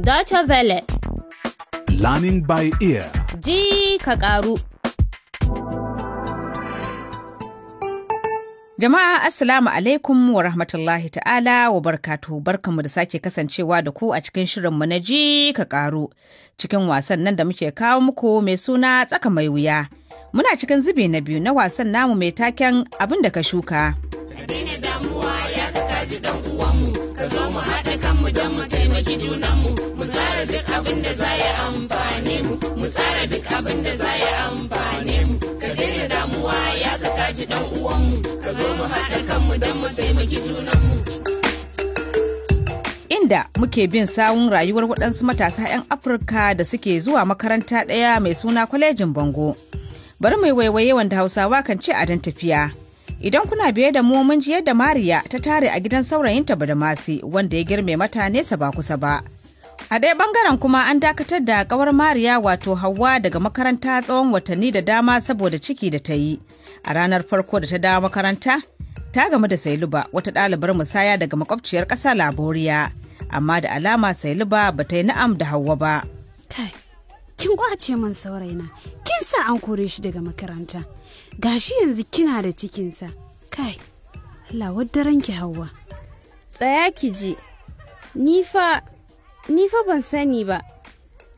Dacha Vele. Learning by ear. Ji ka Jama'a Assalamu alaikum wa rahmatullahi ta'ala wa barkatu barkanmu da sake kasancewa da ku a cikin shirinmu na ji ka karu cikin wasan nan da muke kawo muku mai suna tsaka mai wuya. Muna cikin zubi na biyu na wasan namu mai taken abin da ka shuka. Ka damuwa ya ka ji uwa. zo mu haɗa kanmu don mu taimaki junanmu mu tsara duk abin da za ya amfani mu mu tsara duk abin da za ya amfani mu ka daina damuwa ya ka kaji dan uwanmu ka zo mu haɗa kanmu don mu taimaki junanmu inda muke bin sawun rayuwar waɗansu matasa 'yan afirka da suke zuwa makaranta ɗaya mai suna kwalejin bango bari mai waiwaye wanda hausawa kan ce a dan tafiya Idan kuna biye da mu mun ji yadda Mariya ta tare a gidan saurayinta da Badamasi wanda ya girme mata nesa ba kusa ba. A ɗaya bangaren kuma an dakatar da ƙawar Mariya wato Hauwa daga makaranta tsawon watanni da dama saboda ciki da ta yi. A ranar farko da ta dawo makaranta, ta gamu da Sailuba wata ɗalibar musaya daga makwabciyar ƙasa Laboriya. Amma da alama Sailuba ba ta yi na'am da Hauwa ba. kin kwace min saurayina kin sa an kore shi daga makaranta gashi yanzu kina da cikinsa kai Allah daren ki, hawa tsaya ki ji ni fa ban sani ba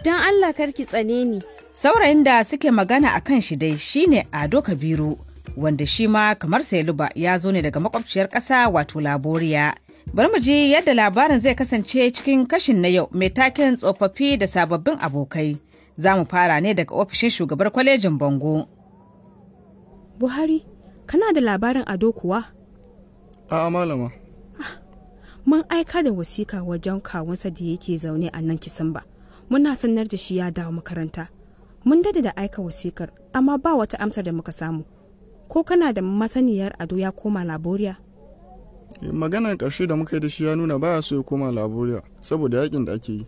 don Allah karki tsane ni saurayin da suke magana a kan shi dai shine ado kabiru wanda shi ma kamar sailuba ya zo ne daga makwabciyar ƙasa wato laboriya bari mu ji yadda labarin zai kasance cikin kashin na yau mai taken tsofaffi da sababbin abokai Za mu fara ne daga ofishin shugabar kwalejin Bango. Buhari, kana da labarin ado kuwa? A'a malama. Ah, mun aika da wasiƙa wajen kawunsa da yake zaune a nan kisan ba Muna sanar da shi ya dawo makaranta. Mun dada da aika wasiƙar amma ba wata amsar da muka samu. Ko kana da masaniyar ado ya koma Laboriya? Eh, maganar ƙarshe da muka yi da shi ya nuna baya so ya koma Laboriya saboda yakin da ake yi.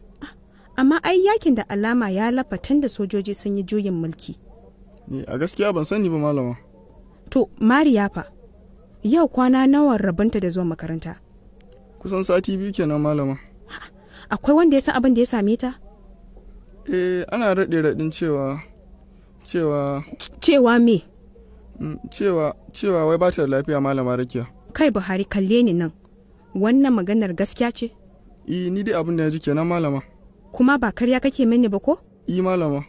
amma ai yakin da alama ya lafa tun da sojoji sun yi juyin mulki a gaskiya ban sani ba malama to mariya fa yau kwana nawa rabanta da zuwa makaranta kusan sati biyu kenan malama akwai wanda ya san abin da ya same ta eh ana raɗe raɗin cewa cewa cewa me mm, cewa cewa wai ba ta da lafiya malama rakiya kai buhari kalle ni nan wannan maganar gaskiya ce eh ni dai abin da ya ji kenan malama kuma ba karya kake mini ba ko? Yi malama.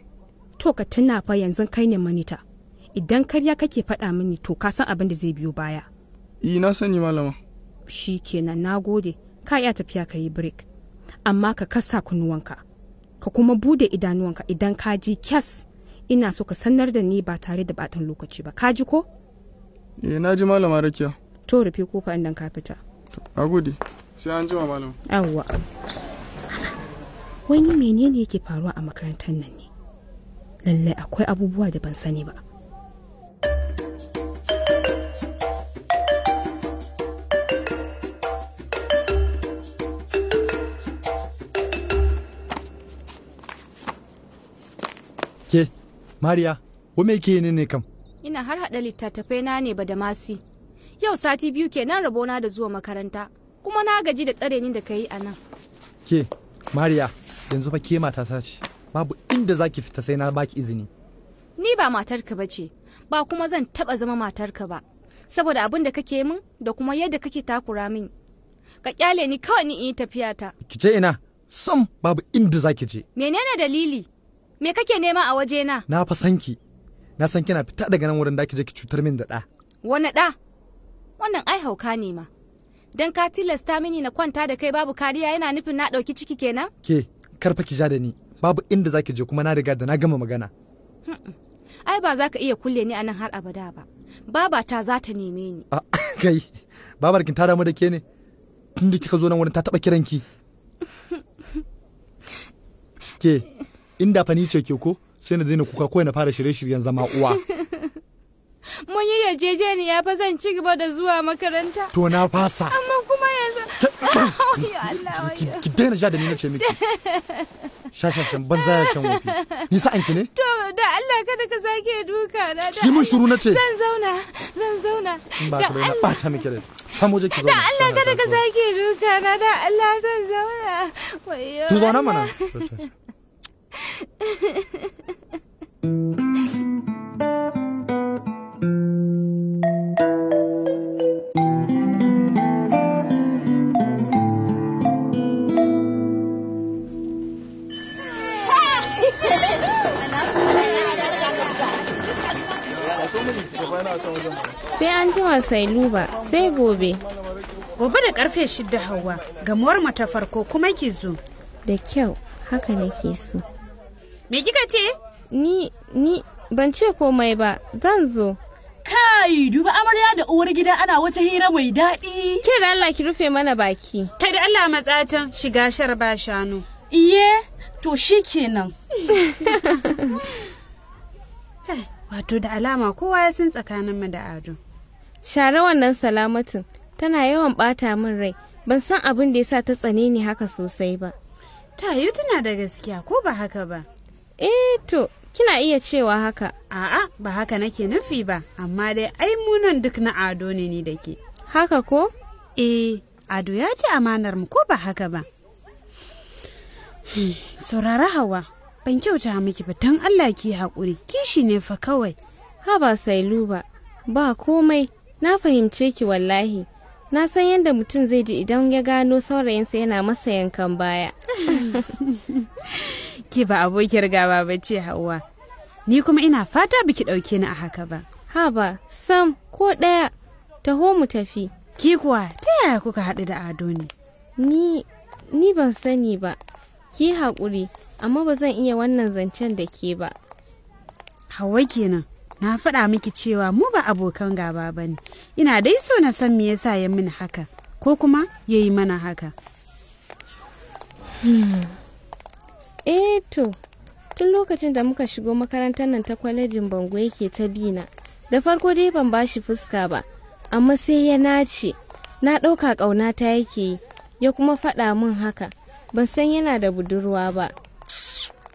To ka tuna fa yanzu kai ne manita. Idan karya kake faɗa mini to ka san abin da zai biyo baya. Yi na sani malama. Shi kenan na gode, ka iya tafiya ka yi break. Amma ka kasa kunuwanka. Ka kuma bude idanuwanka idan ka ji kyas. Ina so ka sanar da ni ba tare da batan lokaci ba. Ka ji ko? Eh na ji malama rakiya. To rufe kofa indan ka fita. Na gode. Sai an jima malama. Yawwa. wani menene yake faruwa a makarantar nan ne lallai akwai abubuwa da ban sani ba ke mariya wame ke yi ne kam ina har haɗa littattafai na ne ba da masi yau sati biyu ke kenan rabona da zuwa makaranta kuma na gaji da tsare ni da ka yi a nan ke mariya yanzu fa ke mata ta ce babu inda zaki fita sai na baki izini ni ba matarka bace ba kuma zan taba zama matarka ba saboda abin da kake min da kuma yadda kake takura min ka kyale ni kawai ni in tafiya ta ki je ina sam babu inda zaki je menene dalili me kake nema a waje na na fa san ki na san kina fita daga nan wurin da ki je ki cutar min da da wani da wannan ai hauka ne ma dan ka tilasta mini na kwanta da kai babu kariya yana nufin na dauki ciki kenan ke karfa ki ja da ni babu inda zaki je kuma na riga da na gama magana ai ba za ka iya kulle ni anan har abada ba baba ta za ta neme ni ah, kai babar kin tara mu da ke ne tun da kika zo nan wurin ta taba kiran ki ke inda fa ni ce ke ko sai na daina kuka ko na fara shirye-shiryen zama uwa mun yi yarjejeniya fa zan ci gaba da zuwa makaranta to na fasa amma kuma yanzu ki daina sha da ni na ce miki shashashan banza ya shan wofi ni sa ki ne to da Allah kada ka sake duka na da ki mun shuru na ce zan zauna zan zauna ba ka bayyana ba ta miki rai samu je ki zauna da Allah kada ka sake duka na da Allah zan zauna wayo ki zauna mana anjima sai luba sai gobe gobe da karfe shida hawa gamuwar mu ta farko kuma ki zo da kyau haka nake so me kika ce ni ni ban ce komai ba zan zo kai duba amarya da uwar gida ana wata hira mai daɗi ke da Allah ki rufe mana baki kai da Allah matsacin shiga shar ba shanu iye to shikenan wato da alama kowa ya san tsakaninmu da ado share wannan salamatin tana yawan bata min rai ban san abin da yasa ta tsane ni haka sosai ba ta tayu tana da gaskiya ko ba haka ba eh to kina iya cewa haka a'a ba haka nake nufi ba amma dai ai mu nan duk na ado ne ni da ke haka ko eh ado ya ci amanar mu ko ba haka ba saurara hawa ban kyauta miki ba don allah ki haƙuri kishi ne fa kawai ha ba sailu ba ba komai na fahimce ki wallahi na san yadda mutum zai ji idan ya gano saurayinsa yana masa yankan baya ki ba abokiyar gaba ba ce hawa ni kuma ina fata biki ɗauke ni a haka ba ha ba sam ko ɗaya taho mu tafi ki kuwa ta yaya kuka haɗu da ado ne ni ni ban sani ba ki haƙuri amma ba zan iya wannan zancen da ke ba hawa kenan na faɗa miki cewa mu ba abokan gaba ba ne ina dai so na san me yasa ya min haka ko kuma ya yi mana haka hmm. eh to tun lokacin da muka shigo makarantar nan ta kwalejin bango yake ta bi na da farko dai ban bashi fuska ba amma sai ya nace na ɗauka ƙauna ta yake yi ya kuma faɗa min haka ban san yana da budurwa ba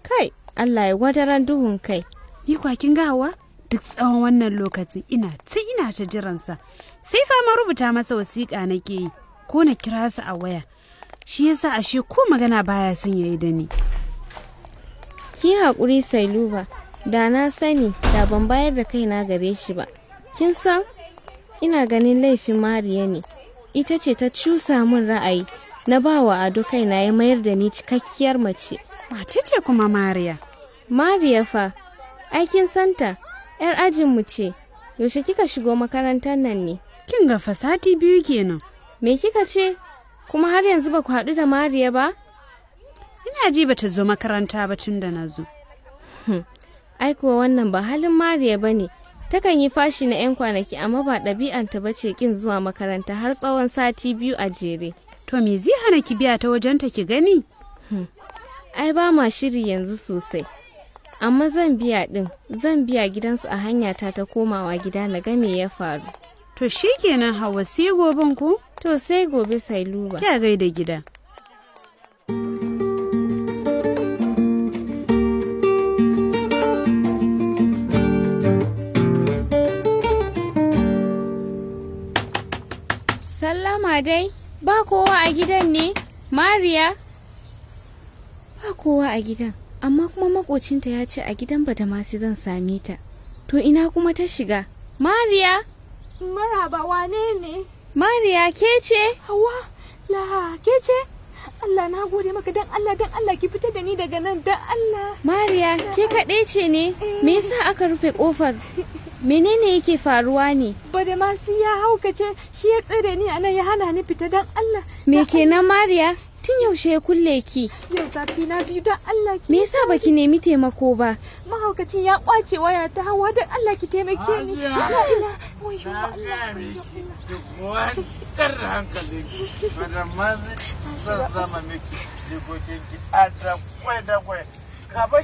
kai allah ya wadaran duhun kai ni kwakin gawa duk tsawon wannan lokacin ina ta ina ta jiransa sai fama rubuta masa wasiƙa nake yi ko na kira sa a waya shi yasa ashe ko magana baya son yayi da ni ki haƙuri sailuba da na sani da ban bayar da kaina gare shi ba kin san ina ganin laifin mariya ne ita ce ta cusa min ra'ayi na ba wa ado kaina ya mayar da ni cikakkiyar mace mace ce kuma mariya mariya fa aikin santa 'yar ajinmu ce yaushe kika shigo makarantar nan ne kin ga fasati biyu kenan me kika ce kuma har yanzu ba ku haɗu da mariya ba ina ji bata zo makaranta ba tun da na zo hmm. ai kuwa wannan ba halin mariya ba ne takan yi fashi na 'yan kwanaki amma ba ɗabi'anta ba ce kin zuwa makaranta har tsawon sati biyu a jere to me zai hana ki biya ta wajen ta ki gani hmm. ai ba ma shiri yanzu sosai amma zan biya din zan biya gidansu a hanyata ta komawa gida na game ya faru to shikenan hawa sai goben ku to sai gobe sai luba kya gaida gida Sallama dai, ba kowa a gidan ne? Mariya? Ba kowa a gidan. amma kuma makocinta ya ce a gidan badamasi zan same ta to ina kuma ta shiga mariya maraba wane ne mariya ke ce hawa la ke ce allah na gode maka dan allah dan allah ki fita da ni daga nan dan allah mariya ke kaɗai ce ne eh. me yasa aka rufe kofar menene yake faruwa ne badamasi ya haukace shi ya tsere ni anan ya hana ni fita dan allah me kenan mariya Tun yaushe ya kulle ki? Yau sati na biyu don Allah ki. Me yasa baki nemi taimako ba? Mahaukacin ya kwace waya ta hawa don Allah ki taimake ni. Allah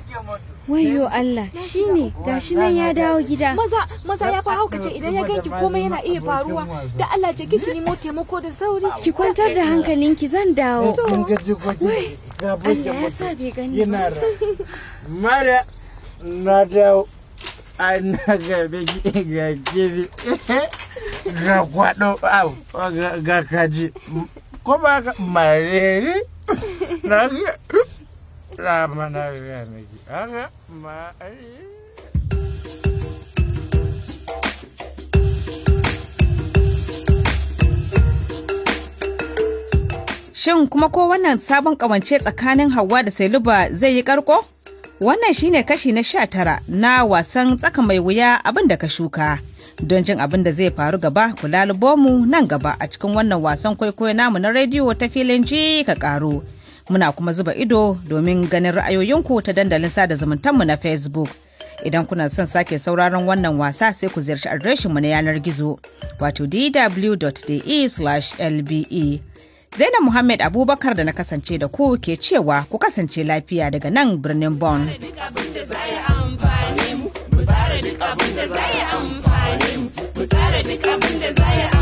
ki mutu. wayo Allah shi shine gashi nan ya dawo gida maza maza ya fa haukace idan ya ki komai yana iya faruwa da Allah je ki nemo taimako da sauri ki kwantar da hankalinki zan dawo Allah ya sa bai gani mara na dawo an gabe ga gidi ga kwado au ga kaji ba marere na Shin kuma ko wannan sabon kawance tsakanin Hauwa da Sailuba zai yi karko? Wannan shine kashi na sha tara na wasan tsaka mai wuya abin da ka shuka. Don jin abin da zai faru gaba ku lalubo mu nan gaba a cikin wannan wasan kwaikwayo namu na rediyo ta filin ji ka karo. Muna kuma zuba ido domin ganin ra'ayoyinku ta dandalin sada zumuntanmu na Facebook. Idan kuna son sake sauraron wannan wasa sai ku ziyarci adireshinmu na yanar gizo wato dw.de/lbe. E. Zainab Muhammad Abubakar da na kasance da ku ke cewa ku kasance lafiya daga nan birnin bon Mu tsara duk abin da za amfani mu, tsara duk abin da za amfani